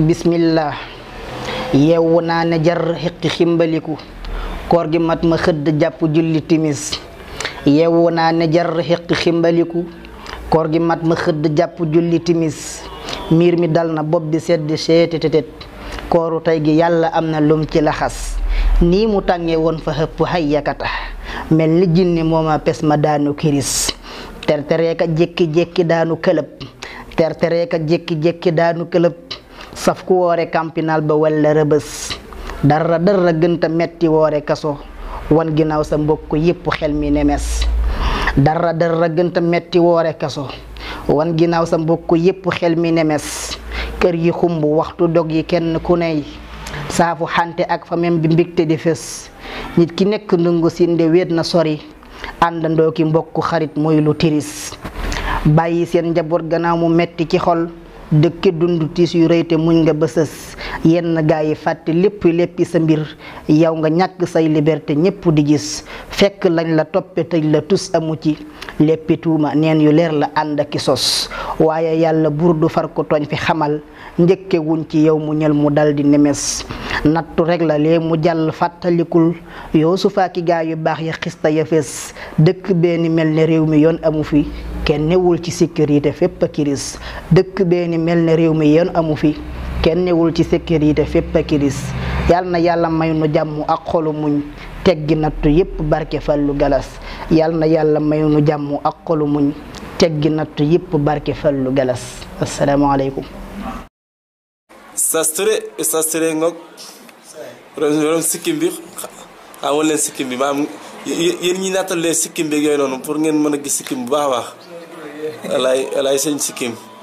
bismillah yeewu naa ne jar xiqi ximbaliku koor gi mat ma xëdd jàpp julli timis yeewu naa ne jar xiqi ximbaliku koor gi mat ma xëdd jàpp julli timis miir mi dal na bopp bi sedd seetetetet kooru tey gi yàlla am na lum ci laxas nii mu tàngee woon fa xëpp xay yakata mel ni jinni mooma pes ma daanu kiris tertereeka jékki-jékki daanu këlëb tertereeka jékki-jékki daanu këlëb saf ku woore campinal ba walla rëbës dara dara gënta metti woore kaso wan ginnaaw sa mbokk yépp xel mi nemes kër yi xumb waxtu dog yi kenn ku ney saafu xante ak fa mem bi mbigte di fés nit ki nekk ndungu sinde wéet na sori àndandoo ki mbokk xarit mooy lu tiris bàyyi seen njaboot gannaaw mu metti ci xol dëkke dund tiis yu rëy te muñ nga bësës yenn gaa yi fàtte lépp léppi sa mbir yow nga ñàkk say liberté ñépp di gis fekk lañ la toppe tëj la tus amu ci léppi tuuma neen yu leer la ànd ak i sos waaye yàlla buur du far ko tooñ fi xamal njëkke wuñ ci yow mu ñel mu dal di nemes nattu rek la lee mu jàll fàttalikul Yuusufa ki gaa yu baax ya xista ya fees dëkk benn mel yoon amu fi kenn newul ci sécurité dëkk benn mel ne réew mi yoon amu fi kenn newul ci sécurité fépp a kiris yàlla na yàlla may nu jàmm ak xolu muñ teggi nattu yépp barke fàllu galas yàlla na yàlla may nu jàmm ak xolu muñ teggi nattu yëpp barke lu Galas asalaamaaleykum. sastre sastre ngoog borom sikkim bi xamal leen sikkim bi maam yéen ñi nattal leen sikkim bi yooyu noonu pour ngeen mën a gis sikkim bu baax a baax alaay alaay sëñ sikkim